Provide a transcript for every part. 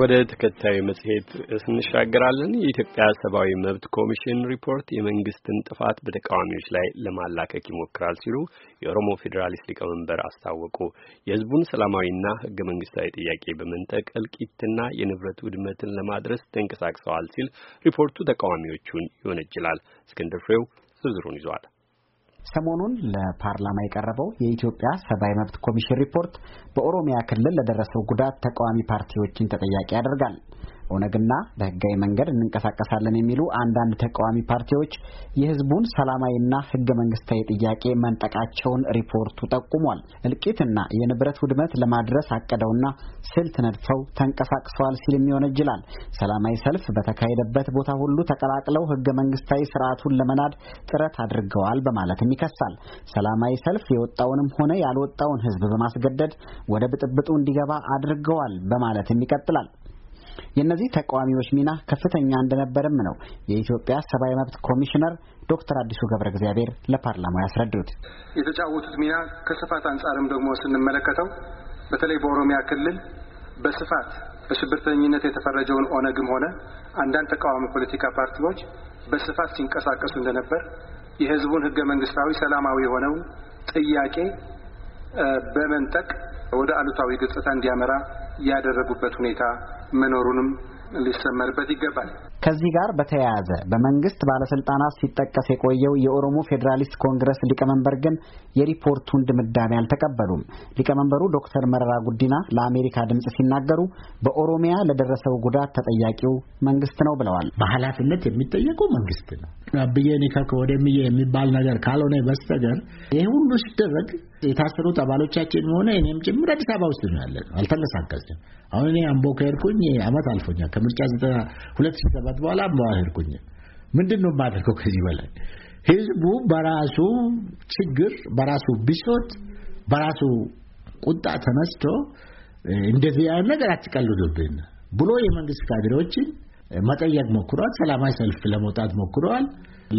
ወደ ተከታዩ መጽሔት እንሻገራለን። የኢትዮጵያ ሰብአዊ መብት ኮሚሽን ሪፖርት የመንግስትን ጥፋት በተቃዋሚዎች ላይ ለማላከክ ይሞክራል ሲሉ የኦሮሞ ፌዴራሊስት ሊቀመንበር አስታወቁ። የህዝቡን ሰላማዊና ህገ መንግስታዊ ጥያቄ በመንጠቅ እልቂትና የንብረት ውድመትን ለማድረስ ተንቀሳቅሰዋል ሲል ሪፖርቱ ተቃዋሚዎቹን ይወነጅላል። እስክንድር ፍሬው ዝርዝሩን ይዟል። ሰሞኑን ለፓርላማ የቀረበው የኢትዮጵያ ሰብአዊ መብት ኮሚሽን ሪፖርት በኦሮሚያ ክልል ለደረሰው ጉዳት ተቃዋሚ ፓርቲዎችን ተጠያቂ ያደርጋል። ኦነግና በህጋዊ መንገድ እንንቀሳቀሳለን የሚሉ አንዳንድ ተቃዋሚ ፓርቲዎች የህዝቡን ሰላማዊና ህገ መንግስታዊ ጥያቄ መንጠቃቸውን ሪፖርቱ ጠቁሟል። እልቂትና የንብረት ውድመት ለማድረስ አቅደውና ስልት ነድፈው ተንቀሳቅሰዋል ሲል ይወነጅላል። ሰላማዊ ሰልፍ በተካሄደበት ቦታ ሁሉ ተቀላቅለው ህገ መንግስታዊ ስርዓቱን ለመናድ ጥረት አድርገዋል በማለትም ይከሳል። ሰላማዊ ሰልፍ የወጣውንም ሆነ ያልወጣውን ህዝብ በማስገደድ ወደ ብጥብጡ እንዲገባ አድርገዋል በማለትም ይቀጥላል። የእነዚህ ተቃዋሚዎች ሚና ከፍተኛ እንደነበርም ነው የኢትዮጵያ ሰብአዊ መብት ኮሚሽነር ዶክተር አዲሱ ገብረ እግዚአብሔር ለፓርላማው ያስረዱት። የተጫወቱት ሚና ከስፋት አንጻርም ደግሞ ስንመለከተው በተለይ በኦሮሚያ ክልል በስፋት በሽብርተኝነት የተፈረጀውን ኦነግም ሆነ አንዳንድ ተቃዋሚ ፖለቲካ ፓርቲዎች በስፋት ሲንቀሳቀሱ እንደነበር የሕዝቡን ህገ መንግስታዊ ሰላማዊ የሆነውን ጥያቄ በመንጠቅ ወደ አሉታዊ ገጽታ እንዲያመራ ያደረጉበት ሁኔታ መኖሩንም ሊሰመርበት ይገባል። ከዚህ ጋር በተያያዘ በመንግስት ባለስልጣናት ሲጠቀስ የቆየው የኦሮሞ ፌዴራሊስት ኮንግረስ ሊቀመንበር ግን የሪፖርቱን ድምዳሜ አልተቀበሉም። ሊቀመንበሩ ዶክተር መረራ ጉዲና ለአሜሪካ ድምጽ ሲናገሩ በኦሮሚያ ለደረሰው ጉዳት ተጠያቂው መንግስት ነው ብለዋል። በኃላፊነት የሚጠየቀው መንግስት ነው። ብዬ ኒከክ ወደ ምዬ የሚባል ነገር ካልሆነ በስተገር ይህ ሁሉ ሲደረግ የታሰሩ አባሎቻችን ሆነ እኔም ጭምር አዲስ አበባ ውስጥ ነው ያለ አልተንቀሳቀስም። አሁን እኔ አምቦ ከሄድኩኝ አመት አልፎኛል ከምርጫ 2007 በኋላ አማዋልኩኝ። ምንድን ነው የማደርገው ከዚህ በላይ? ህዝቡ በራሱ ችግር፣ በራሱ ብሶት፣ በራሱ ቁጣ ተነስቶ እንደዚህ ያለ ነገር አትቀልዱብን ብሎ የመንግስት ካድሬዎችን መጠየቅ ሞክረዋል። ሰላማዊ ሰልፍ ለመውጣት ሞክረዋል።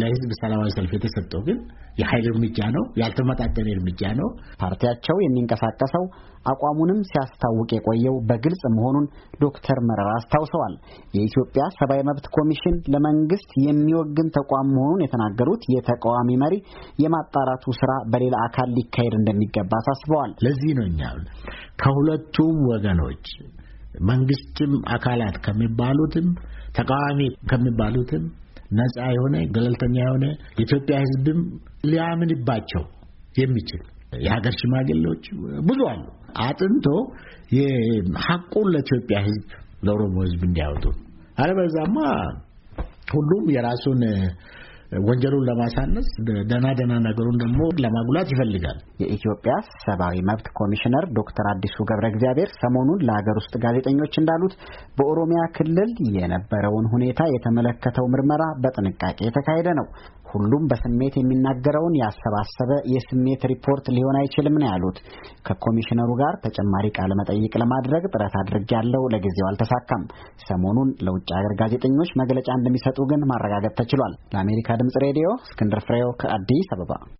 ለህዝብ ሰላማዊ ሰልፍ የተሰጠው ግን የኃይል እርምጃ ነው፣ ያልተመጣጠነ እርምጃ ነው። ፓርቲያቸው የሚንቀሳቀሰው አቋሙንም ሲያስታውቅ የቆየው በግልጽ መሆኑን ዶክተር መረራ አስታውሰዋል። የኢትዮጵያ ሰብአዊ መብት ኮሚሽን ለመንግስት የሚወግን ተቋም መሆኑን የተናገሩት የተቃዋሚ መሪ የማጣራቱ ስራ በሌላ አካል ሊካሄድ እንደሚገባ አሳስበዋል። ለዚህ ነው እኛ ከሁለቱም ወገኖች መንግስትም አካላት ከሚባሉትም ተቃዋሚ ከሚባሉትም ነጻ የሆነ ገለልተኛ የሆነ የኢትዮጵያ ሕዝብም ሊያምንባቸው የሚችል የሀገር ሽማግሌዎች ብዙ አሉ። አጥንቶ የሀቁን ለኢትዮጵያ ሕዝብ ለኦሮሞ ሕዝብ እንዲያወጡ አለበዛማ ሁሉም የራሱን ወንጀሉን ለማሳነስ ደና ደና ነገሩን ደግሞ ለማጉላት ይፈልጋል። የኢትዮጵያ ሰብአዊ መብት ኮሚሽነር ዶክተር አዲሱ ገብረ እግዚአብሔር ሰሞኑን ለሀገር ውስጥ ጋዜጠኞች እንዳሉት በኦሮሚያ ክልል የነበረውን ሁኔታ የተመለከተው ምርመራ በጥንቃቄ የተካሄደ ነው። ሁሉም በስሜት የሚናገረውን ያሰባሰበ የስሜት ሪፖርት ሊሆን አይችልም ነው ያሉት። ከኮሚሽነሩ ጋር ተጨማሪ ቃለ መጠይቅ ለማድረግ ጥረት ያለው ለጊዜው አልተሳካም። ሰሞኑን ለውጭ ሀገር ጋዜጠኞች መግለጫ እንደሚሰጡ ግን ማረጋገጥ ተችሏል። ለአሜሪካ ድምጽ ሬዲዮ እስክንድር ፍሬው ከአዲስ አበባ